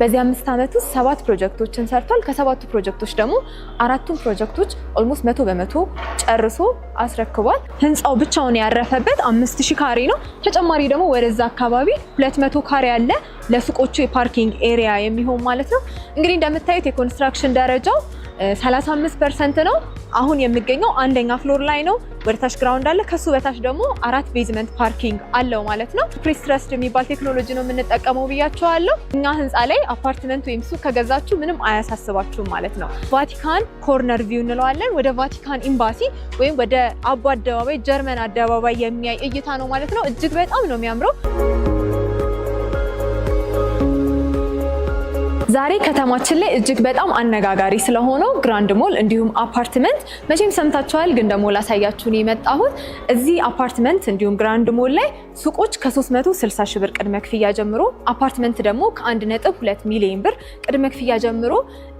በዚህ አምስት ዓመት ውስጥ ሰባት ፕሮጀክቶችን ሰርቷል። ከሰባቱ ፕሮጀክቶች ደግሞ አራቱን ፕሮጀክቶች ኦልሞስት መቶ በመቶ ጨርሶ አስረክቧል። ህንፃው ብቻውን ያረፈበት አምስት ሺህ ካሬ ነው። ተጨማሪ ደግሞ ወደዛ አካባቢ ሁለት መቶ ካሬ አለ ለሱቆቹ የፓርኪንግ ኤሪያ የሚሆን ማለት ነው። እንግዲህ እንደምታዩት የኮንስትራክሽን ደረጃው 35 ፐርሰንት ነው። አሁን የሚገኘው አንደኛ ፍሎር ላይ ነው። ወደታች ግራውንድ አለ። ከሱ በታች ደግሞ አራት ቤዝመንት ፓርኪንግ አለው ማለት ነው። ፕሪስትረስድ የሚባል ቴክኖሎጂ ነው የምንጠቀመው ብያቸዋለሁ። እኛ ህንፃ ላይ አፓርትመንት ወይም ሱቅ ከገዛችሁ ምንም አያሳስባችሁም ማለት ነው። ቫቲካን ኮርነር ቪው እንለዋለን። ወደ ቫቲካን ኤምባሲ ወይም ወደ አቦ አደባባይ፣ ጀርመን አደባባይ የሚያይ እይታ ነው ማለት ነው። እጅግ በጣም ነው የሚያምረው። ዛሬ ከተማችን ላይ እጅግ በጣም አነጋጋሪ ስለሆነው ግራንድ ሞል እንዲሁም አፓርትመንት መቼም ሰምታችኋል፣ ግን ደግሞ ላሳያችሁን የመጣሁት እዚህ አፓርትመንት እንዲሁም ግራንድ ሞል ላይ ሱቆች ከ360 ሺህ ብር ቅድመ ክፍያ ጀምሮ አፓርትመንት ደግሞ ከ1.2 ሚሊዮን ብር ቅድመ ክፍያ ጀምሮ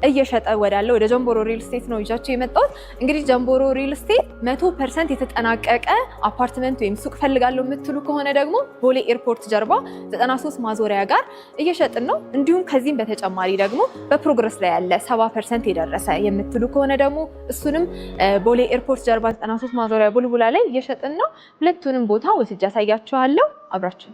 እየሸጠ ወዳለው ወደ ጀንቦሮ ሪል ስቴት ነው ይዣቸው የመጣሁት። እንግዲህ ጀንቦሮ ሪል ስቴት መቶ ፐርሰንት የተጠናቀቀ አፓርትመንት ወይም ሱቅ ፈልጋለሁ የምትሉ ከሆነ ደግሞ ቦሌ ኤርፖርት ጀርባ 93 ማዞሪያ ጋር እየሸጥን ነው። እንዲሁም ከዚህም በተጨማሪ ደግሞ በፕሮግረስ ላይ ያለ 70 ፐርሰንት የደረሰ የምትሉ ከሆነ ደግሞ እሱንም ቦሌ ኤርፖርት ጀርባ 93 ማዞሪያ ቡልቡላ ላይ እየሸጥን ነው። ሁለቱንም ቦታ ወስጄ አሳያችኋለሁ። አብራችሁ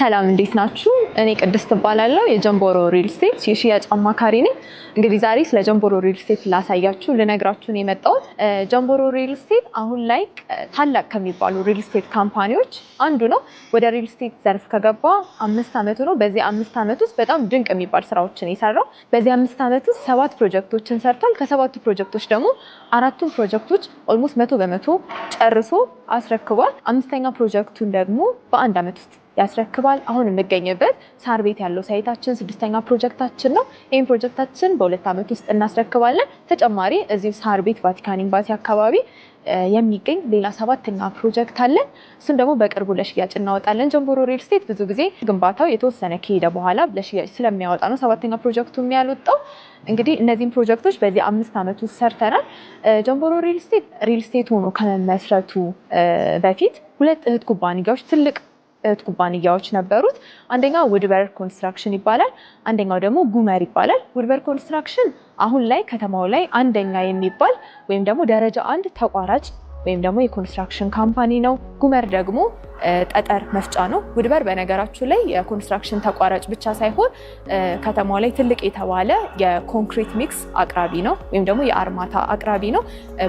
ሰላም እንዴት ናችሁ? እኔ ቅድስት እባላለሁ የጀንቦሮ ሪል ስቴት የሽያጭ አማካሪ ነኝ። እንግዲህ ዛሬ ስለ ጀንቦሮ ሪል ስቴት ላሳያችሁ ልነግራችሁ ነው የመጣሁት። ጀንቦሮ ሪል ስቴት አሁን ላይ ታላቅ ከሚባሉ ሪል ስቴት ካምፓኒዎች አንዱ ነው። ወደ ሪል ስቴት ዘርፍ ከገባ አምስት ዓመቱ ነው። በዚህ አምስት ዓመት ውስጥ በጣም ድንቅ የሚባል ስራዎችን የሰራው በዚህ አምስት ዓመት ውስጥ ሰባት ፕሮጀክቶችን ሰርቷል። ከሰባቱ ፕሮጀክቶች ደግሞ አራቱን ፕሮጀክቶች ኦልሞስት መቶ በመቶ ጨርሶ አስረክቧል። አምስተኛ ፕሮጀክቱን ደግሞ በአንድ ዓመት ውስጥ ያስረክባል። አሁን የምገኝበት ሳር ቤት ያለው ሳይታችን ስድስተኛ ፕሮጀክታችን ነው። ይህም ፕሮጀክታችን በሁለት ዓመት ውስጥ እናስረክባለን። ተጨማሪ እዚህ ሳር ቤት ቫቲካን ኤምባሲ አካባቢ የሚገኝ ሌላ ሰባተኛ ፕሮጀክት አለን። እሱም ደግሞ በቅርቡ ለሽያጭ እናወጣለን። ጀንቦሮ ሪል ስቴት ብዙ ጊዜ ግንባታው የተወሰነ ከሄደ በኋላ ለሽያጭ ስለሚያወጣ ነው ሰባተኛ ፕሮጀክቱ የሚያልወጣው። እንግዲህ እነዚህም ፕሮጀክቶች በዚህ አምስት ዓመት ውስጥ ሰርተናል። ጀንቦሮ ሪል ስቴት ሪል ስቴት ሆኖ ከመመስረቱ በፊት ሁለት እህት ኩባንያዎች ትልቅ እህት ኩባንያዎች ነበሩት። አንደኛው ውድበር ኮንስትራክሽን ይባላል። አንደኛው ደግሞ ጉመር ይባላል። ውድበር ኮንስትራክሽን አሁን ላይ ከተማው ላይ አንደኛ የሚባል ወይም ደግሞ ደረጃ አንድ ተቋራጭ ወይም ደግሞ የኮንስትራክሽን ካምፓኒ ነው። ጉመር ደግሞ ጠጠር መፍጫ ነው። ውድበር በነገራችሁ ላይ የኮንስትራክሽን ተቋራጭ ብቻ ሳይሆን ከተማው ላይ ትልቅ የተባለ የኮንክሪት ሚክስ አቅራቢ ነው፣ ወይም ደግሞ የአርማታ አቅራቢ ነው።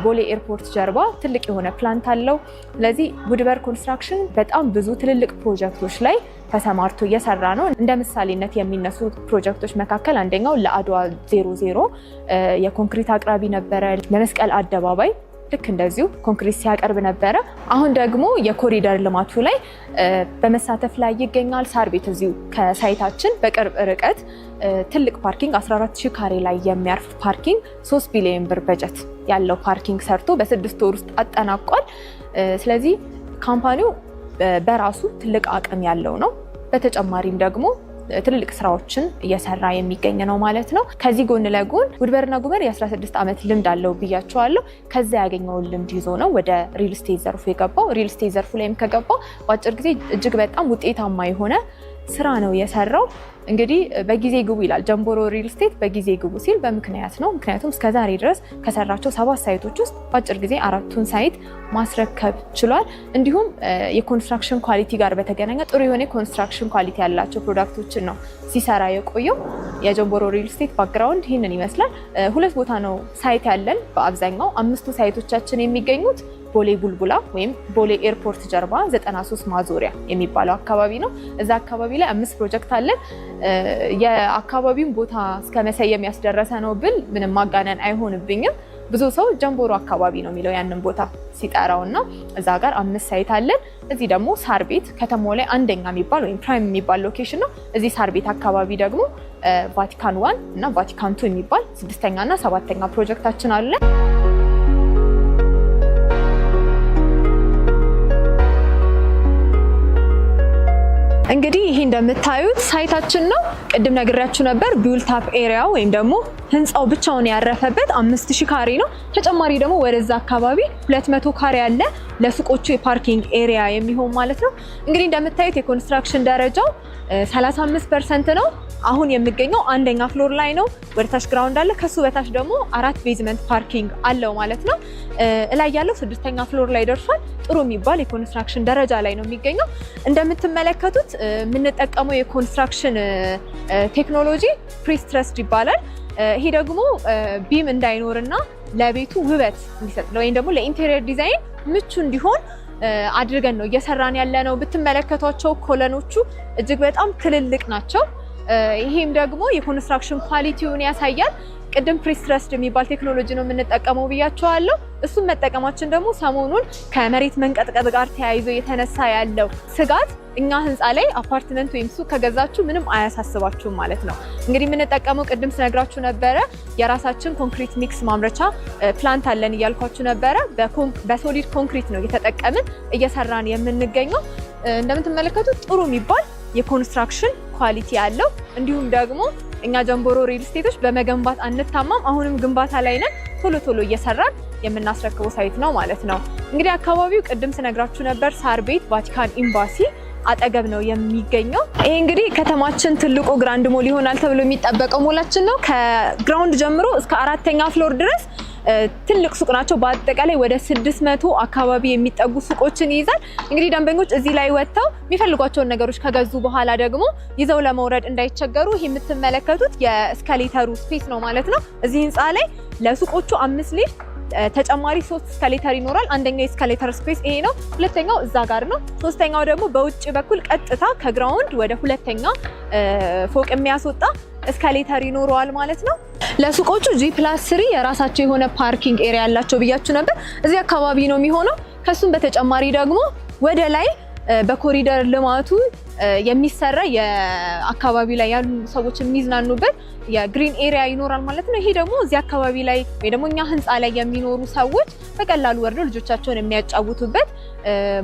ቦሌ ኤርፖርት ጀርባ ትልቅ የሆነ ፕላንት አለው። ስለዚህ ውድበር ኮንስትራክሽን በጣም ብዙ ትልልቅ ፕሮጀክቶች ላይ ተሰማርቶ እየሰራ ነው። እንደ ምሳሌነት የሚነሱ ፕሮጀክቶች መካከል አንደኛው ለአድዋ ዜሮ ዜሮ የኮንክሪት አቅራቢ ነበረ። ለመስቀል አደባባይ ልክ እንደዚሁ ኮንክሪት ሲያቀርብ ነበረ። አሁን ደግሞ የኮሪደር ልማቱ ላይ በመሳተፍ ላይ ይገኛል። ሳር ቤት እዚሁ ከሳይታችን በቅርብ ርቀት ትልቅ ፓርኪንግ 14 ካሬ ላይ የሚያርፍ ፓርኪንግ 3 ቢሊዮን ብር በጀት ያለው ፓርኪንግ ሰርቶ በስድስት ወር ውስጥ አጠናቋል። ስለዚህ ካምፓኒው በራሱ ትልቅ አቅም ያለው ነው። በተጨማሪም ደግሞ ትልልቅ ስራዎችን እየሰራ የሚገኝ ነው ማለት ነው። ከዚህ ጎን ለጎን ጉድበርና ጉበር የ16 ዓመት ልምድ አለው ብያቸዋለሁ። ከዛ ያገኘውን ልምድ ይዞ ነው ወደ ሪል ስቴት ዘርፉ የገባው። ሪል ስቴት ዘርፉ ላይም ከገባ በአጭር ጊዜ እጅግ በጣም ውጤታማ የሆነ ስራ ነው የሰራው። እንግዲህ በጊዜ ግቡ ይላል ጀምቦሮ ሪል ስቴት። በጊዜ ግቡ ሲል በምክንያት ነው። ምክንያቱም እስከዛሬ ድረስ ከሰራቸው ሰባት ሳይቶች ውስጥ በአጭር ጊዜ አራቱን ሳይት ማስረከብ ችሏል። እንዲሁም የኮንስትራክሽን ኳሊቲ ጋር በተገናኘ ጥሩ የሆነ የኮንስትራክሽን ኳሊቲ ያላቸው ፕሮዳክቶችን ነው ሲሰራ የቆየው። የጀምቦሮ ሪል ስቴት ባክግራውንድ ይህንን ይመስላል። ሁለት ቦታ ነው ሳይት ያለን በአብዛኛው አምስቱ ሳይቶቻችን የሚገኙት ቦሌ ቡልቡላ ወይም ቦሌ ኤርፖርት ጀርባ 93 ማዞሪያ የሚባለው አካባቢ ነው። እዛ አካባቢ ላይ አምስት ፕሮጀክት አለን። የአካባቢውን ቦታ እስከ መሰየም ያስደረሰ ነው ብል ምንም ማጋነን አይሆንብኝም። ብዙ ሰው ጀንቦሮ አካባቢ ነው የሚለው ያንን ቦታ ሲጠራው እና እዛ ጋር አምስት ሳይት አለን። እዚህ ደግሞ ሳር ቤት ከተማው ላይ አንደኛ የሚባል ወይም ፕራይም የሚባል ሎኬሽን ነው። እዚህ ሳር ቤት አካባቢ ደግሞ ቫቲካን ዋን እና ቫቲካን ቱ የሚባል ስድስተኛ እና ሰባተኛ ፕሮጀክታችን አለን። እንግዲህ ይሄ እንደምታዩት ሳይታችን ነው። ቅድም ነግሬያችሁ ነበር። ቢውልት አፕ ኤሪያ ወይም ደግሞ ህንፃው ብቻውን ያረፈበት አምስት ሺ ካሬ ነው። ተጨማሪ ደግሞ ወደዛ አካባቢ 200 ካሬ አለ ለሱቆቹ የፓርኪንግ ኤሪያ የሚሆን ማለት ነው። እንግዲህ እንደምታዩት የኮንስትራክሽን ደረጃው 35 ፐርሰንት ነው። አሁን የምገኘው አንደኛ ፍሎር ላይ ነው። ወደታች ግራውንድ አለ። ከሱ በታች ደግሞ አራት ቤዝመንት ፓርኪንግ አለው ማለት ነው። እላይ ያለው ስድስተኛ ፍሎር ላይ ደርሷል። ጥሩ የሚባል የኮንስትራክሽን ደረጃ ላይ ነው የሚገኘው። እንደምትመለከቱት የምንጠቀመው የኮንስትራክሽን ቴክኖሎጂ ፕሪስትረስድ ይባላል። ይሄ ደግሞ ቢም እንዳይኖርና ለቤቱ ውበት እንዲሰጥ ወይም ደግሞ ለኢንቴሪየር ዲዛይን ምቹ እንዲሆን አድርገን ነው እየሰራን ያለ ነው። ብትመለከቷቸው ኮለኖቹ እጅግ በጣም ትልልቅ ናቸው። ይሄም ደግሞ የኮንስትራክሽን ኳሊቲውን ያሳያል። ቅድም ፕሪስትረስድ የሚባል ቴክኖሎጂ ነው የምንጠቀመው ብያቸዋለሁ። እሱ መጠቀማችን ደግሞ ሰሞኑን ከመሬት መንቀጥቀጥ ጋር ተያይዞ የተነሳ ያለው ስጋት እኛ ህንፃ ላይ አፓርትመንት ወይም ሱቅ ከገዛችሁ ምንም አያሳስባችሁም ማለት ነው። እንግዲህ የምንጠቀመው ቅድም ስነግራችሁ ነበረ የራሳችን ኮንክሪት ሚክስ ማምረቻ ፕላንት አለን እያልኳችሁ ነበረ። በሶሊድ ኮንክሪት ነው እየተጠቀምን እየሰራን የምንገኘው። እንደምትመለከቱት ጥሩ የሚባል የኮንስትራክሽን ኳሊቲ ያለው እንዲሁም ደግሞ እኛ ጀንቦሮ ሪል ስቴቶች በመገንባት አንታማም። አሁንም ግንባታ ላይ ነን። ቶሎ ቶሎ እየሰራን የምናስረክበው ሳይት ነው ማለት ነው። እንግዲህ አካባቢው ቅድም ስነግራችሁ ነበር ሳር ቤት ቫቲካን ኤምባሲ አጠገብ ነው የሚገኘው። ይሄ እንግዲህ ከተማችን ትልቁ ግራንድ ሞል ይሆናል ተብሎ የሚጠበቀው ሞላችን ነው። ከግራውንድ ጀምሮ እስከ አራተኛ ፍሎር ድረስ ትልቅ ሱቅ ናቸው። በአጠቃላይ ወደ ስድስት መቶ አካባቢ የሚጠጉ ሱቆችን ይይዛል። እንግዲህ ደንበኞች እዚህ ላይ ወጥተው የሚፈልጓቸውን ነገሮች ከገዙ በኋላ ደግሞ ይዘው ለመውረድ እንዳይቸገሩ ይህ የምትመለከቱት የእስካሌተሩ ስፔስ ነው ማለት ነው። እዚህ ህንፃ ላይ ለሱቆቹ አምስት ሊፍት ተጨማሪ ሶስት እስካሌተር ይኖራል። አንደኛው የእስካሌተር ስፔስ ይሄ ነው። ሁለተኛው እዛ ጋር ነው። ሶስተኛው ደግሞ በውጭ በኩል ቀጥታ ከግራውንድ ወደ ሁለተኛ ፎቅ የሚያስወጣ እስካሌተር ይኖረዋል ማለት ነው። ለሱቆቹ ጂ ፕላስ ስሪ የራሳቸው የሆነ ፓርኪንግ ኤሪያ ያላቸው ብያችሁ ነበር። እዚህ አካባቢ ነው የሚሆነው። ከሱም በተጨማሪ ደግሞ ወደ ላይ በኮሪደር ልማቱ የሚሰራ የአካባቢ ላይ ያሉ ሰዎች የሚዝናኑበት የግሪን ኤሪያ ይኖራል ማለት ነው። ይሄ ደግሞ እዚህ አካባቢ ላይ ወይ ደግሞ እኛ ህንፃ ላይ የሚኖሩ ሰዎች በቀላሉ ወርደው ልጆቻቸውን የሚያጫውቱበት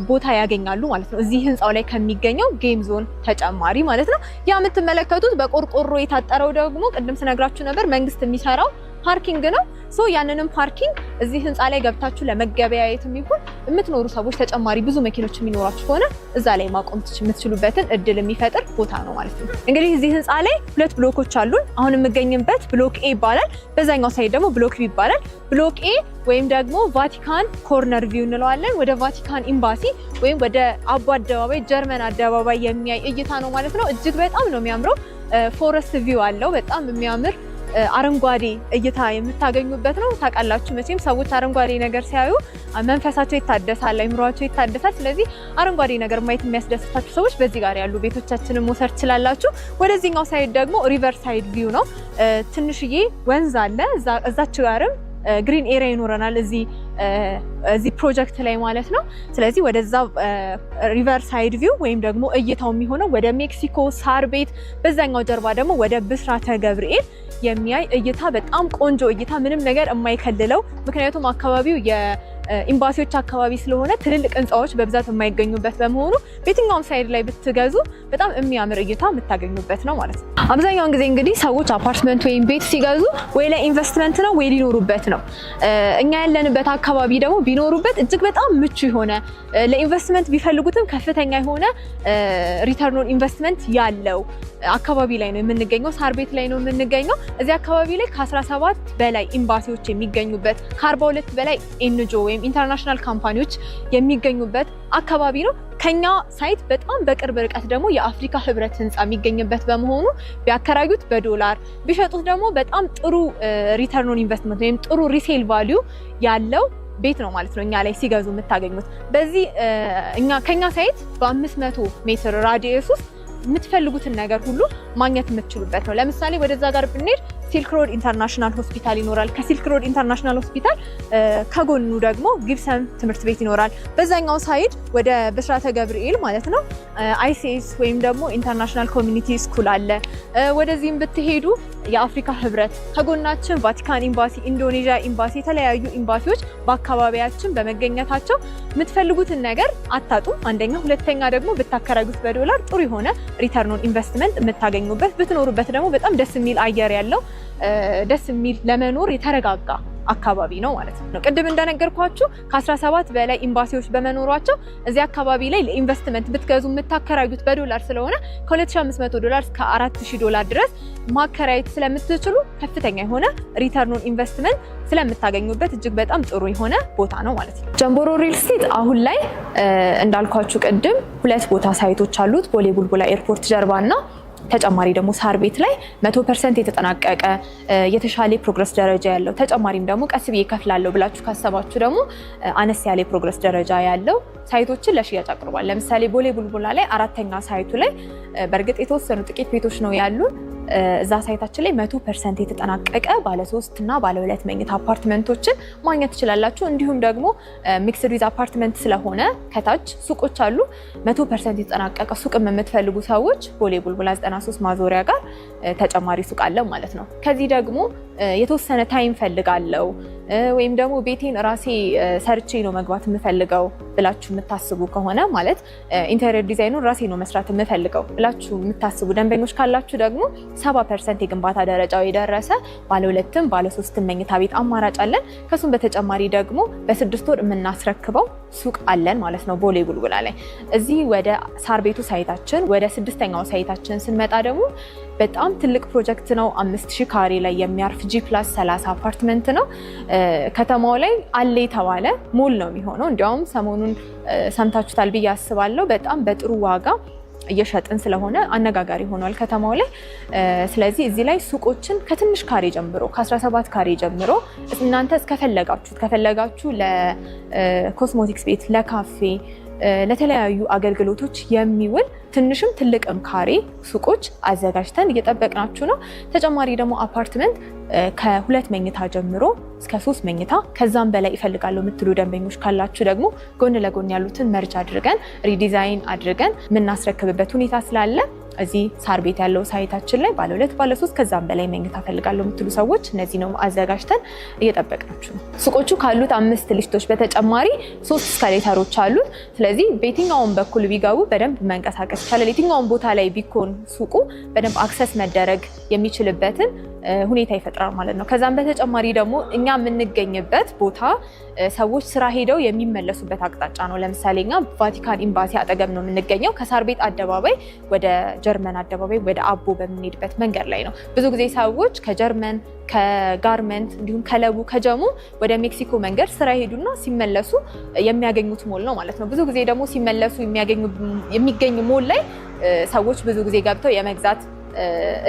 ቦታ ያገኛሉ ማለት ነው። እዚህ ህንፃው ላይ ከሚገኘው ጌም ዞን ተጨማሪ ማለት ነው። ያ የምትመለከቱት በቆርቆሮ የታጠረው ደግሞ ቅድም ስነግራችሁ ነበር መንግስት የሚሰራው ፓርኪንግ ነው። ሶ ያንንም ፓርኪንግ እዚህ ህንፃ ላይ ገብታችሁ ለመገበያየት የሚሆን የምትኖሩ ሰዎች ተጨማሪ ብዙ መኪኖች የሚኖራችሁ ከሆነ እዛ ላይ ማቆም የምትችሉበትን እድል የሚፈጥር ቦታ ነው ማለት ነው። እንግዲህ እዚህ ህንፃ ላይ ሁለት ብሎኮች አሉን። አሁን የምገኝበት ብሎክ ኤ ይባላል። በዛኛው ሳይድ ደግሞ ብሎክ ቢ ይባላል። ብሎክ ኤ ወይም ደግሞ ቫቲካን ኮርነር ቪው እንለዋለን። ወደ ቫቲካን ኤምባሲ ወይም ወደ አቦ አደባባይ፣ ጀርመን አደባባይ የሚያይ እይታ ነው ማለት ነው። እጅግ በጣም ነው የሚያምረው። ፎረስት ቪው አለው። በጣም የሚያምር አረንጓዴ እይታ የምታገኙበት ነው። ታውቃላችሁ መቼም ሰዎች አረንጓዴ ነገር ሲያዩ መንፈሳቸው ይታደሳል፣ አይምሯቸው ይታደሳል። ስለዚህ አረንጓዴ ነገር ማየት የሚያስደስታችሁ ሰዎች በዚህ ጋር ያሉ ቤቶቻችንን መውሰድ ትችላላችሁ። ወደዚህኛው ሳይድ ደግሞ ሪቨር ሳይድ ቪው ነው። ትንሽዬ ወንዝ አለ እዛች ጋርም ግሪን ኤሪያ ይኖረናል እዚህ እዚህ ፕሮጀክት ላይ ማለት ነው። ስለዚህ ወደዛ ሪቨር ሳይድ ቪው ወይም ደግሞ እይታው የሚሆነው ወደ ሜክሲኮ ሳር ቤት፣ በዛኛው ጀርባ ደግሞ ወደ ብስራተ ገብርኤል የሚያይ እይታ፣ በጣም ቆንጆ እይታ፣ ምንም ነገር የማይከልለው ምክንያቱም አካባቢው ኤምባሲዎች አካባቢ ስለሆነ ትልልቅ ህንፃዎች በብዛት የማይገኙበት በመሆኑ በየትኛውም ሳይድ ላይ ብትገዙ በጣም የሚያምር እይታ የምታገኙበት ነው ማለት ነው። አብዛኛውን ጊዜ እንግዲህ ሰዎች አፓርትመንት ወይም ቤት ሲገዙ ወይ ለኢንቨስትመንት ነው ወይ ሊኖሩበት ነው። እኛ ያለንበት አካባቢ ደግሞ ቢኖሩበት እጅግ በጣም ምቹ የሆነ ለኢንቨስትመንት ቢፈልጉትም ከፍተኛ የሆነ ሪተርን ኢንቨስትመንት ያለው አካባቢ ላይ ነው የምንገኘው። ሳር ቤት ላይ ነው የምንገኘው። እዚህ አካባቢ ላይ ከ17 በላይ ኤምባሲዎች የሚገኙበት ከ42 በላይ ኤንጆ ወይም ኢንተርናሽናል ካምፓኒዎች የሚገኙበት አካባቢ ነው። ከኛ ሳይት በጣም በቅርብ ርቀት ደግሞ የአፍሪካ ህብረት ህንፃ የሚገኝበት በመሆኑ ቢያከራዩት በዶላር ቢሸጡት ደግሞ በጣም ጥሩ ሪተርኖን ኢንቨስትመንት ወይም ጥሩ ሪሴል ቫሊዩ ያለው ቤት ነው ማለት ነው። እኛ ላይ ሲገዙ የምታገኙት በዚህ እኛ ከኛ ሳይት በአምስት መቶ ሜትር ራዲየስ ውስጥ የምትፈልጉትን ነገር ሁሉ ማግኘት የምትችሉበት ነው። ለምሳሌ ወደዛ ጋር ብንሄድ ሲልክ ሮድ ኢንተርናሽናል ሆስፒታል ይኖራል። ከሲልክ ኢንተርናሽናል ሆስፒታል ከጎኑ ደግሞ ግብሰም ትምህርት ቤት ይኖራል። በዛኛው ሳይድ ወደ ብስራተ ገብርኤል ማለት ነው አይሲኤስ ወይም ደግሞ ኢንተርናሽናል ኮሚኒቲ ስኩል አለ። ወደዚህም ብትሄዱ የአፍሪካ ህብረት ከጎናችን ቫቲካን ኤምባሲ፣ ኢንዶኔዥያ ኤምባሲ፣ የተለያዩ ኤምባሲዎች በአካባቢያችን በመገኘታቸው የምትፈልጉትን ነገር አታጡም። አንደኛ፣ ሁለተኛ ደግሞ ብታከራዩት በዶላር ጥሩ የሆነ ሪተርኖን ኢንቨስትመንት የምታገኙበት ብትኖሩበት ደግሞ በጣም ደስ የሚል አየር ያለው ደስ የሚል ለመኖር የተረጋጋ አካባቢ ነው ማለት ነው። ቅድም እንደነገርኳችሁ ከ17 በላይ ኤምባሲዎች በመኖሯቸው እዚህ አካባቢ ላይ ለኢንቨስትመንት ብትገዙ የምታከራዩት በዶላር ስለሆነ ከ2500 ዶላር እስከ 4000 ዶላር ድረስ ማከራየት ስለምትችሉ ከፍተኛ የሆነ ሪተርኑን ኢንቨስትመንት ስለምታገኙበት እጅግ በጣም ጥሩ የሆነ ቦታ ነው ማለት ነው። ጀንቦሮ ሪል ስቴት አሁን ላይ እንዳልኳችሁ ቅድም ሁለት ቦታ ሳይቶች አሉት ቦሌ ቡልቡላ ኤርፖርት ጀርባ እና ተጨማሪ ደግሞ ሳር ቤት ላይ መቶ ፐርሰንት የተጠናቀቀ የተሻለ ፕሮግረስ ደረጃ ያለው ተጨማሪም ደግሞ ቀስ ብዬ ከፍላለሁ ብላችሁ ካሰባችሁ ደግሞ አነስ ያለ ፕሮግረስ ደረጃ ያለው ሳይቶችን ለሽያጭ አቅርቧል። ለምሳሌ ቦሌ ቡልቡላ ላይ አራተኛ ሳይቱ ላይ በእርግጥ የተወሰኑ ጥቂት ቤቶች ነው ያሉ እዛ ሳይታችን ላይ መቶ ፐርሰንት የተጠናቀቀ ባለሶስት እና ባለሁለት መኝታ አፓርትመንቶችን ማግኘት ትችላላችሁ። እንዲሁም ደግሞ ሚክስድ ዊዝ አፓርትመንት ስለሆነ ከታች ሱቆች አሉ። መቶ ፐርሰንት የተጠናቀቀ ሱቅም የምትፈልጉ ሰዎች ቦሌ ቡልቡላ 93 ማዞሪያ ጋር ተጨማሪ ሱቅ አለ ማለት ነው። ከዚህ ደግሞ የተወሰነ ታይም ፈልጋለው ወይም ደግሞ ቤቴን ራሴ ሰርቼ ነው መግባት የምፈልገው ብላችሁ የምታስቡ ከሆነ ማለት ኢንቴሪየር ዲዛይኑን ራሴ ነው መስራት የምፈልገው ብላችሁ የምታስቡ ደንበኞች ካላችሁ ደግሞ ሰባ ፐርሰንት የግንባታ ደረጃው የደረሰ ባለ ሁለትም ባለ ሶስትም መኝታ ቤት አማራጭ አለን። ከሱም በተጨማሪ ደግሞ በስድስት ወር የምናስረክበው ሱቅ አለን ማለት ነው ቦሌ ጉልጉላ ላይ። እዚህ ወደ ሳር ቤቱ ሳይታችን ወደ ስድስተኛው ሳይታችን ስንመጣ ደግሞ በጣም ትልቅ ፕሮጀክት ነው። አምስት ሺህ ካሬ ላይ የሚያርፍ ጂ ፕላስ 30 አፓርትመንት ነው። ከተማው ላይ አለ የተባለ ሞል ነው የሚሆነው። እንዲያውም ሰሞኑን ሰምታችሁታል ብዬ አስባለሁ። በጣም በጥሩ ዋጋ እየሸጥን ስለሆነ አነጋጋሪ ሆኗል ከተማው ላይ። ስለዚህ እዚህ ላይ ሱቆችን ከትንሽ ካሬ ጀምሮ ከ17 ካሬ ጀምሮ እናንተ እስከፈለጋችሁት ከፈለጋችሁ ለኮስሞቲክስ ቤት፣ ለካፌ ለተለያዩ አገልግሎቶች የሚውል ትንሽም ትልቅም ካሬ ሱቆች አዘጋጅተን እየጠበቅናችሁ ነው። ተጨማሪ ደግሞ አፓርትመንት ከሁለት መኝታ ጀምሮ እስከ ሶስት መኝታ ከዛም በላይ ይፈልጋሉ የምትሉ ደንበኞች ካላችሁ ደግሞ ጎን ለጎን ያሉትን መርጅ አድርገን ሪዲዛይን አድርገን የምናስረክብበት ሁኔታ ስላለ እዚህ ሳር ቤት ያለው ሳይታችን ላይ ባለ ሁለት ባለ ሶስት ከዛም በላይ መኝታ ፈልጋለሁ የምትሉ ሰዎች እነዚህ ነው አዘጋጅተን እየጠበቅናችሁ ነው። ሱቆቹ ካሉት አምስት ሊፍቶች በተጨማሪ ሶስት እስካሌተሮች አሉት። ስለዚህ በየትኛውም በኩል ቢገቡ በደንብ መንቀሳቀስ ይቻላል። የትኛውም ቦታ ላይ ቢኮን ሱቁ በደንብ አክሰስ መደረግ የሚችልበትን ሁኔታ ይፈጥራል ማለት ነው። ከዛም በተጨማሪ ደግሞ እኛ የምንገኝበት ቦታ ሰዎች ስራ ሄደው የሚመለሱበት አቅጣጫ ነው። ለምሳሌ እኛ ቫቲካን ኤምባሲ አጠገብ ነው የምንገኘው። ከሳር ቤት አደባባይ ወደ ከጀርመን አደባባይ ወደ አቦ በምንሄድበት መንገድ ላይ ነው። ብዙ ጊዜ ሰዎች ከጀርመን ከጋርመንት እንዲሁም ከለቡ ከጀሙ ወደ ሜክሲኮ መንገድ ስራ ይሄዱና ሲመለሱ የሚያገኙት ሞል ነው ማለት ነው። ብዙ ጊዜ ደግሞ ሲመለሱ የሚገኝ ሞል ላይ ሰዎች ብዙ ጊዜ ገብተው የመግዛት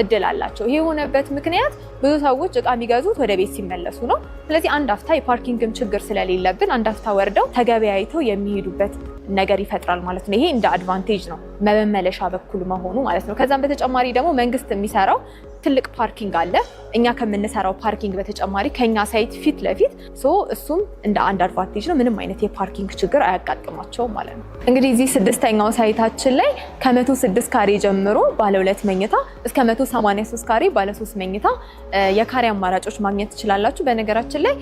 እድል አላቸው። ይህ የሆነበት ምክንያት ብዙ ሰዎች እቃ የሚገዙት ወደ ቤት ሲመለሱ ነው። ስለዚህ አንድ አፍታ የፓርኪንግም ችግር ስለሌለብን አንድ አፍታ ወርደው ተገበያይተው የሚሄዱበት ነገር ይፈጥራል ማለት ነው። ይሄ እንደ አድቫንቴጅ ነው መመለሻ በኩል መሆኑ ማለት ነው። ከዛም በተጨማሪ ደግሞ መንግስት የሚሰራው ትልቅ ፓርኪንግ አለ። እኛ ከምንሰራው ፓርኪንግ በተጨማሪ ከኛ ሳይት ፊት ለፊት ሶ እሱም እንደ አንድ አድቫንቴጅ ነው። ምንም አይነት የፓርኪንግ ችግር አያጋጥማቸውም ማለት ነው። እንግዲህ እዚህ ስድስተኛው ሳይታችን ላይ ከመቶ ስድስት ካሬ ጀምሮ ባለ ሁለት መኝታ እስከ መቶ ሰማንያ ሶስት ካሬ ባለ ሶስት መኝታ የካሬ አማራጮች ማግኘት ትችላላችሁ። በነገራችን ላይ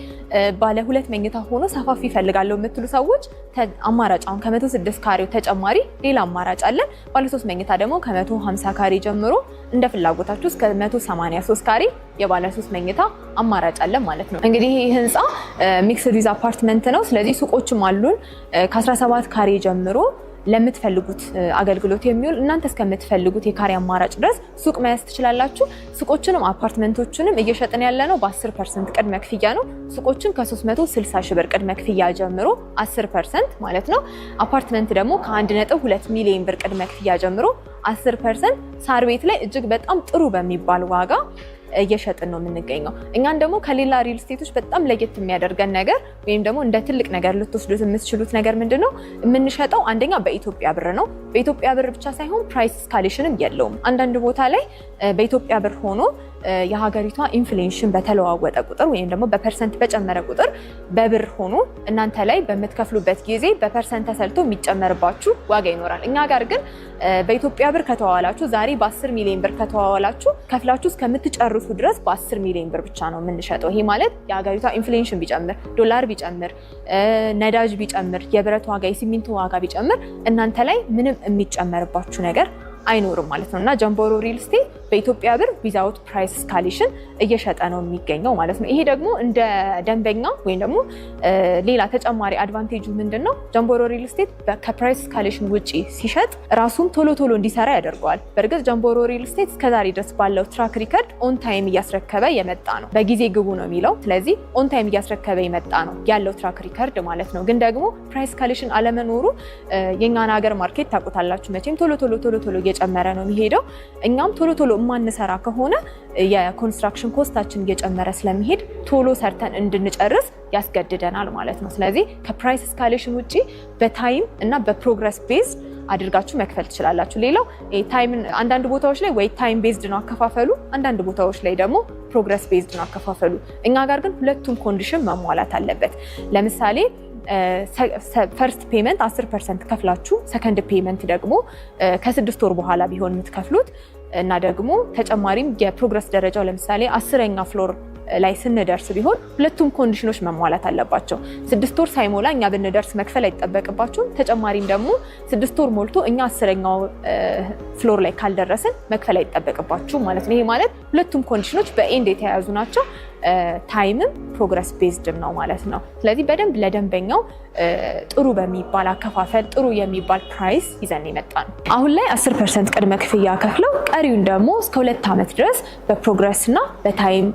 ባለ ሁለት መኝታ ሆኖ ሰፋፊ ይፈልጋለሁ የምትሉ ሰዎች አማራጭ አሁን ከመቶ ስድስት ካሬው ተጨማሪ ሌላ አማራጭ አለን። ባለ ሶስት መኝታ ደግሞ ከመቶ ሀምሳ ካሬ ጀምሮ እንደ ፍላጎታችሁ እስከ 183 ካሬ የባለ ሶስት መኝታ አማራጭ አለን ማለት ነው። እንግዲህ ይህ ህንፃ ሚክስድ ዩዝ አፓርትመንት ነው። ስለዚህ ሱቆችም አሉን ከ17 ካሬ ጀምሮ ለምትፈልጉት አገልግሎት የሚውል እናንተ እስከምትፈልጉት የካሬ አማራጭ ድረስ ሱቅ መያዝ ትችላላችሁ። ሱቆችንም አፓርትመንቶችንም እየሸጥን ያለ ነው በ10 ፐርሰንት ቅድመ ክፍያ ነው። ሱቆችን ከ360 ሺህ ብር ቅድመ ክፍያ ጀምሮ 10 ፐርሰንት ማለት ነው። አፓርትመንት ደግሞ ከ1.2 ሚሊዮን ብር ቅድመ ክፍያ ጀምሮ 10 ፐርሰንት ሳር ቤት ላይ እጅግ በጣም ጥሩ በሚባል ዋጋ እየሸጥን ነው የምንገኘው። እኛን ደግሞ ከሌላ ሪል ስቴቶች በጣም ለየት የሚያደርገን ነገር ወይም ደግሞ እንደ ትልቅ ነገር ልትወስዱት የምትችሉት ነገር ምንድን ነው? የምንሸጠው አንደኛ በኢትዮጵያ ብር ነው። በኢትዮጵያ ብር ብቻ ሳይሆን ፕራይስ ስካሌሽንም የለውም። አንዳንድ ቦታ ላይ በኢትዮጵያ ብር ሆኖ የሀገሪቷ ኢንፍሌሽን በተለዋወጠ ቁጥር ወይም ደግሞ በፐርሰንት በጨመረ ቁጥር በብር ሆኖ እናንተ ላይ በምትከፍሉበት ጊዜ በፐርሰንት ተሰልቶ የሚጨመርባችሁ ዋጋ ይኖራል። እኛ ጋር ግን በኢትዮጵያ ብር ከተዋዋላችሁ፣ ዛሬ በ10 ሚሊዮን ብር ከተዋዋላችሁ ከፍላችሁ እስከምትጨርሱ ድረስ በ10 ሚሊዮን ብር ብቻ ነው የምንሸጠው። ይሄ ማለት የሀገሪቷ ኢንፍሌሽን ቢጨምር፣ ዶላር ቢጨምር፣ ነዳጅ ቢጨምር፣ የብረት ዋጋ፣ የሲሚንቶ ዋጋ ቢጨምር እናንተ ላይ ምንም የሚጨመርባችሁ ነገር አይኖርም ማለት ነው እና ጀምቦሮ ሪል ስቴት በኢትዮጵያ ብር ዊዛውት ፕራይስ እስካሌሽን እየሸጠ ነው የሚገኘው ማለት ነው። ይሄ ደግሞ እንደ ደንበኛ ወይም ደግሞ ሌላ ተጨማሪ አድቫንቴጁ ምንድን ነው? ጀምቦሮ ሪል ስቴት ከፕራይስ እስካሌሽን ውጭ ሲሸጥ ራሱን ቶሎ ቶሎ እንዲሰራ ያደርገዋል። በእርግጥ ጀምቦሮ ሪል ስቴት እስከዛሬ ድረስ ባለው ትራክ ሪከርድ ኦን ታይም እያስረከበ የመጣ ነው። በጊዜ ግቡ ነው የሚለው። ስለዚህ ኦን ታይም እያስረከበ የመጣ ነው ያለው ትራክ ሪከርድ ማለት ነው። ግን ደግሞ ፕራይስ እስካሌሽን አለመኖሩ የእኛን ሀገር ማርኬት ታውቁታላችሁ መቼም ቶሎ ቶሎ ቶሎ ቶሎ እየጨመረ ነው የሚሄደው እኛም ቶሎ ቶሎ የማንሰራ ከሆነ የኮንስትራክሽን ኮስታችን እየጨመረ ስለሚሄድ ቶሎ ሰርተን እንድንጨርስ ያስገድደናል ማለት ነው። ስለዚህ ከፕራይስ እስካሌሽን ውጪ በታይም እና በፕሮግረስ ቤዝ አድርጋችሁ መክፈል ትችላላችሁ። ሌላው ታይምን አንዳንድ ቦታዎች ላይ ወይ ታይም ቤዝድ ነው አከፋፈሉ፣ አንዳንድ ቦታዎች ላይ ደግሞ ፕሮግረስ ቤዝድ ነው አከፋፈሉ። እኛ ጋር ግን ሁለቱም ኮንዲሽን መሟላት አለበት። ለምሳሌ ፈርስት ፔመንት 10 ፐርሰንት ከፍላችሁ ሰከንድ ፔመንት ደግሞ ከስድስት ወር በኋላ ቢሆን የምትከፍሉት እና ደግሞ ተጨማሪም የፕሮግረስ ደረጃው ለምሳሌ አስረኛ ፍሎር ላይ ስንደርስ ቢሆን ሁለቱም ኮንዲሽኖች መሟላት አለባቸው። ስድስት ወር ሳይሞላ እኛ ብንደርስ መክፈል አይጠበቅባቸውም። ተጨማሪም ደግሞ ስድስት ወር ሞልቶ እኛ አስረኛው ፍሎር ላይ ካልደረስን መክፈል አይጠበቅባችሁ ማለት ነው። ይሄ ማለት ሁለቱም ኮንዲሽኖች በኤንድ የተያያዙ ናቸው። ታይምም ፕሮግረስ ቤዝድም ነው ማለት ነው። ስለዚህ በደንብ ለደንበኛው ጥሩ በሚባል አከፋፈል ጥሩ የሚባል ፕራይስ ይዘን የመጣ ነው። አሁን ላይ 10 ፐርሰንት ቅድመ ክፍያ ከፍለው ቀሪውን ደግሞ እስከ ሁለት ዓመት ድረስ በፕሮግረስ እና በታይም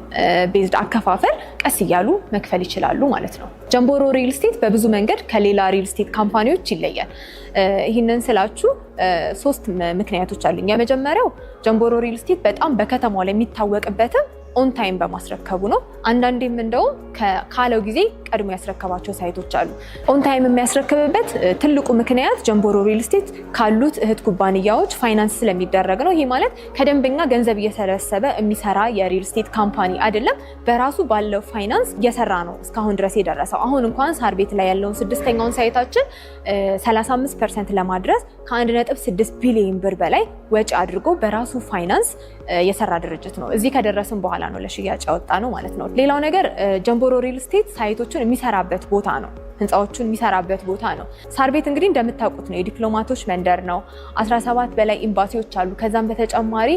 ቤዝድ አከፋፈል ቀስ እያሉ መክፈል ይችላሉ ማለት ነው። ጀምቦሮ ሪል ስቴት በብዙ መንገድ ከሌላ ሪል ስቴት ካምፓኒዎች ይለያል። ይህንን ስላችሁ ሶስት ምክንያቶች አሉኝ። የመጀመሪያው ጀምቦሮ ሪል ስቴት በጣም በከተማው ላይ የሚታወቅበትም ኦን ታይም በማስረከቡ ነው። አንዳንዴም እንደውም ካለው ጊዜ ቀድሞ ያስረከባቸው ሳይቶች አሉ። ኦን ታይም የሚያስረክብበት ትልቁ ምክንያት ጀንቦሮ ሪል ስቴት ካሉት እህት ኩባንያዎች ፋይናንስ ስለሚደረግ ነው። ይሄ ማለት ከደንበኛ ገንዘብ እየሰበሰበ የሚሰራ የሪል ስቴት ካምፓኒ አይደለም። በራሱ ባለው ፋይናንስ እየሰራ ነው እስካሁን ድረስ የደረሰው። አሁን እንኳን ሳር ቤት ላይ ያለውን ስድስተኛውን ሳይታችን 35 ፐርሰንት ለማድረስ ከ1.6 ቢሊዮን ብር በላይ ወጪ አድርጎ በራሱ ፋይናንስ የሰራ ድርጅት ነው። እዚህ ከደረስን በኋላ ነው ለሽያጭ ያወጣ ነው ማለት ነው። ሌላው ነገር ጀንቦሮ ሪል ስቴት ሳይቶቹን የሚሰራበት ቦታ ነው። ህንፃዎቹን የሚሰራበት ቦታ ነው። ሳር ቤት እንግዲህ እንደምታውቁት ነው የዲፕሎማቶች መንደር ነው። 17 በላይ ኤምባሲዎች አሉ። ከዛም በተጨማሪ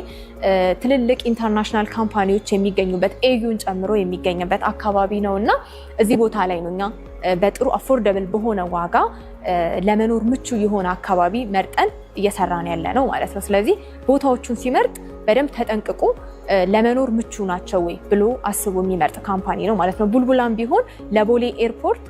ትልልቅ ኢንተርናሽናል ካምፓኒዎች የሚገኙበት ኤዩን ጨምሮ የሚገኝበት አካባቢ ነው እና እዚህ ቦታ ላይ ነው እኛ በጥሩ አፎርደብል በሆነ ዋጋ ለመኖር ምቹ የሆነ አካባቢ መርጠን እየሰራን ያለ ነው ማለት ነው። ስለዚህ ቦታዎቹን ሲመርጥ በደንብ ተጠንቅቆ ለመኖር ምቹ ናቸው ወይ ብሎ አስቦ የሚመርጥ ካምፓኒ ነው ማለት ነው። ቡልቡላም ቢሆን ለቦሌ ኤርፖርት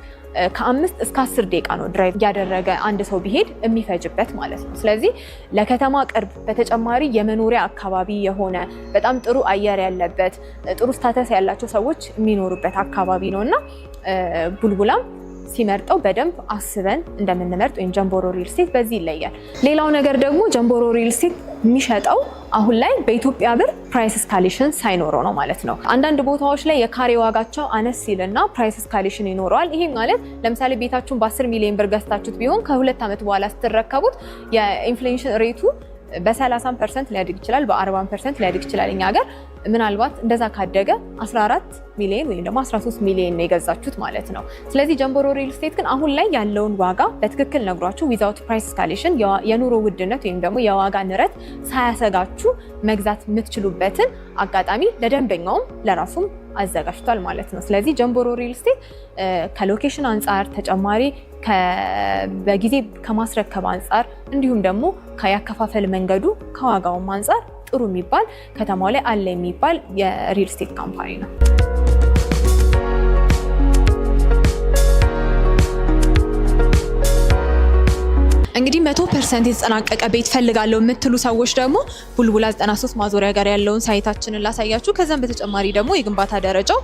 ከአምስት እስከ አስር ደቂቃ ነው ድራይቭ እያደረገ አንድ ሰው ቢሄድ የሚፈጅበት ማለት ነው። ስለዚህ ለከተማ ቅርብ፣ በተጨማሪ የመኖሪያ አካባቢ የሆነ በጣም ጥሩ አየር ያለበት ጥሩ ስታተስ ያላቸው ሰዎች የሚኖሩበት አካባቢ ነው እና ቡልቡላም ሲመርጠው በደንብ አስበን እንደምንመርጥ ወይም ጀምቦሮ ሪል በዚህ ይለያል። ሌላው ነገር ደግሞ ጀምቦሮ ሪል ስቴት የሚሸጠው አሁን ላይ በኢትዮጵያ ብር ፕራይስ እስካሌሽን ሳይኖረው ነው ማለት ነው። አንዳንድ ቦታዎች ላይ የካሬ ዋጋቸው አነስ ሲልና ፕራይስ እስካሌሽን ይኖረዋል። ይህ ማለት ለምሳሌ ቤታችሁን በ10 ሚሊዮን ብር ገዝታችሁት ቢሆን ከሁለት ዓመት በኋላ ስትረከቡት የኢንፍሌሽን ሬቱ በ30 ፐርሰንት ሊያድግ ይችላል፣ በ40 ፐርሰንት ሊያድግ ይችላል። እኛ ሀገር ምናልባት እንደዛ ካደገ 14 ሚሊዮን ወይም ደግሞ 13 ሚሊዮን ነው የገዛችሁት ማለት ነው። ስለዚህ ጀምቦሮ ሪል ስቴት ግን አሁን ላይ ያለውን ዋጋ በትክክል ነግሯችሁ ዊዛውት ፕራይስ ስካሌሽን የኑሮ ውድነት ወይም ደግሞ የዋጋ ንረት ሳያሰጋችሁ መግዛት የምትችሉበትን አጋጣሚ ለደንበኛውም ለራሱም አዘጋጅቷል ማለት ነው። ስለዚህ ጀምቦሮ ሪል ስቴት ከሎኬሽን አንጻር ተጨማሪ በጊዜ ከማስረከብ አንጻር እንዲሁም ደግሞ ከያከፋፈል መንገዱ ከዋጋውም አንጻር ጥሩ የሚባል ከተማው ላይ አለ የሚባል የሪል ስቴት ካምፓኒ ነው። እንግዲህ መቶ ፐርሰንት የተጠናቀቀ ቤት ፈልጋለሁ የምትሉ ሰዎች ደግሞ ቡልቡላ 93 ማዞሪያ ጋር ያለውን ሳይታችንን ላሳያችሁ። ከዚያም በተጨማሪ ደግሞ የግንባታ ደረጃው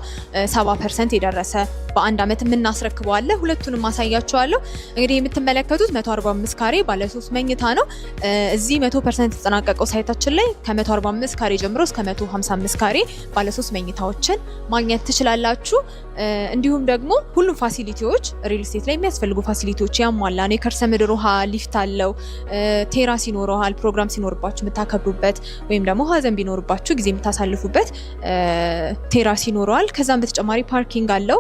70 ፐርሰንት የደረሰ በአንድ ዓመት የምናስረክበዋለ። ሁለቱንም አሳያችኋለሁ። እንግዲህ የምትመለከቱት 145 ካሬ ባለሶስት መኝታ ነው። እዚህ 100 ፐርሰንት የተጠናቀቀው ሳይታችን ላይ ከ145 ካሬ ጀምሮ እስከ 155 ካሬ ባለሶስት መኝታዎችን ማግኘት ትችላላችሁ። እንዲሁም ደግሞ ሁሉም ፋሲሊቲዎች ሪል ስቴት ላይ የሚያስፈልጉ ፋሲሊቲዎች ያሟላ ነው። የከርሰ ምድር ውሃ ሊፍት አለው፣ ቴራስ ይኖረዋል። ፕሮግራም ሲኖርባችሁ የምታከብሩበት ወይም ደግሞ ሀዘን ቢኖርባችሁ ጊዜ የምታሳልፉበት ቴራስ ይኖረዋል። ከዛም በተጨማሪ ፓርኪንግ አለው።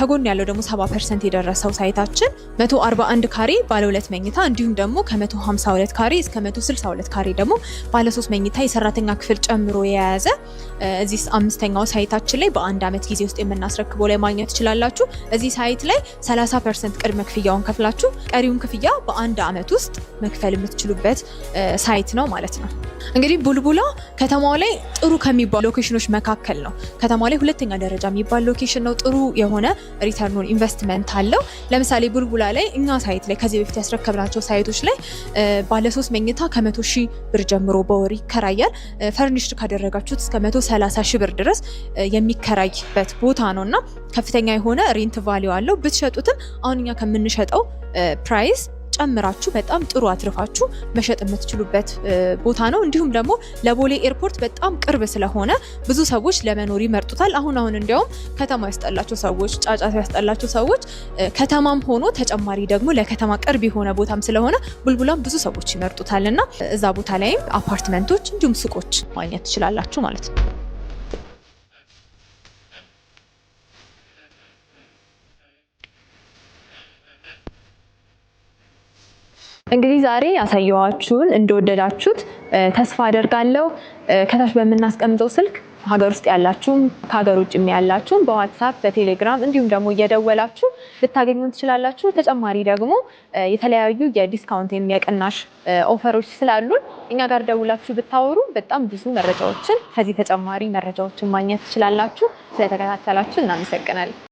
ከጎን ያለው ደግሞ 70 ፐርሰንት የደረሰው ሳይታችን 141 ካሬ ባለ ሁለት መኝታ እንዲሁም ደግሞ ከ152 ካሬ እስከ 162 ካሬ ደግሞ ባለ ሶስት መኝታ የሰራተኛ ክፍል ጨምሮ የያዘ እዚህ አምስተኛው ሳይታችን ላይ በአንድ ዓመት ጊዜ ውስጥ የምናስረክበው ላይ ማግኘት ትችላላችሁ። እዚህ ሳይት ላይ 30 ፐርሰንት ቅድመ ክፍያውን ከፍላችሁ ቀሪውን ክፍያ በአንድ አመት ውስጥ መክፈል የምትችሉበት ሳይት ነው ማለት ነው። እንግዲህ ቡልቡላ ከተማው ላይ ጥሩ ከሚባሉ ሎኬሽኖች መካከል ነው። ከተማው ላይ ሁለተኛ ደረጃ የሚባል ሎኬሽን ነው። ጥሩ የሆነ ሪተርኑን ኢንቨስትመንት አለው። ለምሳሌ ቡልቡላ ላይ እኛ ሳይት ላይ ከዚህ በፊት ያስረከብናቸው ሳይቶች ላይ ባለሶስት መኝታ ከመቶ ሺህ ብር ጀምሮ በወር ይከራያል። ፈርኒሽድ ካደረጋችሁት እስከ መቶ ሰላሳ ሺህ ብር ድረስ የሚከራይበት ቦታ ነው እና ከፍተኛ የሆነ ሬንት ቫሊዩ አለው። ብትሸጡትም አሁን እኛ ከምንሸጠው ፕራይስ ጨምራችሁ በጣም ጥሩ አትርፋችሁ መሸጥ የምትችሉበት ቦታ ነው። እንዲሁም ደግሞ ለቦሌ ኤርፖርት በጣም ቅርብ ስለሆነ ብዙ ሰዎች ለመኖር ይመርጡታል። አሁን አሁን እንዲያውም ከተማ ያስጠላቸው ሰዎች፣ ጫጫታ ያስጠላቸው ሰዎች ከተማም ሆኖ ተጨማሪ ደግሞ ለከተማ ቅርብ የሆነ ቦታም ስለሆነ ቡልቡላም ብዙ ሰዎች ይመርጡታል እና እዛ ቦታ ላይም አፓርትመንቶች እንዲሁም ሱቆች ማግኘት ትችላላችሁ ማለት ነው። ዛሬ ያሳየኋችሁን እንደወደዳችሁት ተስፋ አደርጋለሁ። ከታች በምናስቀምጠው ስልክ ሀገር ውስጥ ያላችሁም ከሀገር ውጭም ያላችሁም በዋትሳፕ በቴሌግራም እንዲሁም ደግሞ እየደወላችሁ ልታገኙ ትችላላችሁ። ተጨማሪ ደግሞ የተለያዩ የዲስካውንት የቅናሽ ኦፈሮች ስላሉን እኛ ጋር ደውላችሁ ብታወሩ በጣም ብዙ መረጃዎችን ከዚህ ተጨማሪ መረጃዎችን ማግኘት ትችላላችሁ። ስለተከታተላችሁ እናመሰግናለን።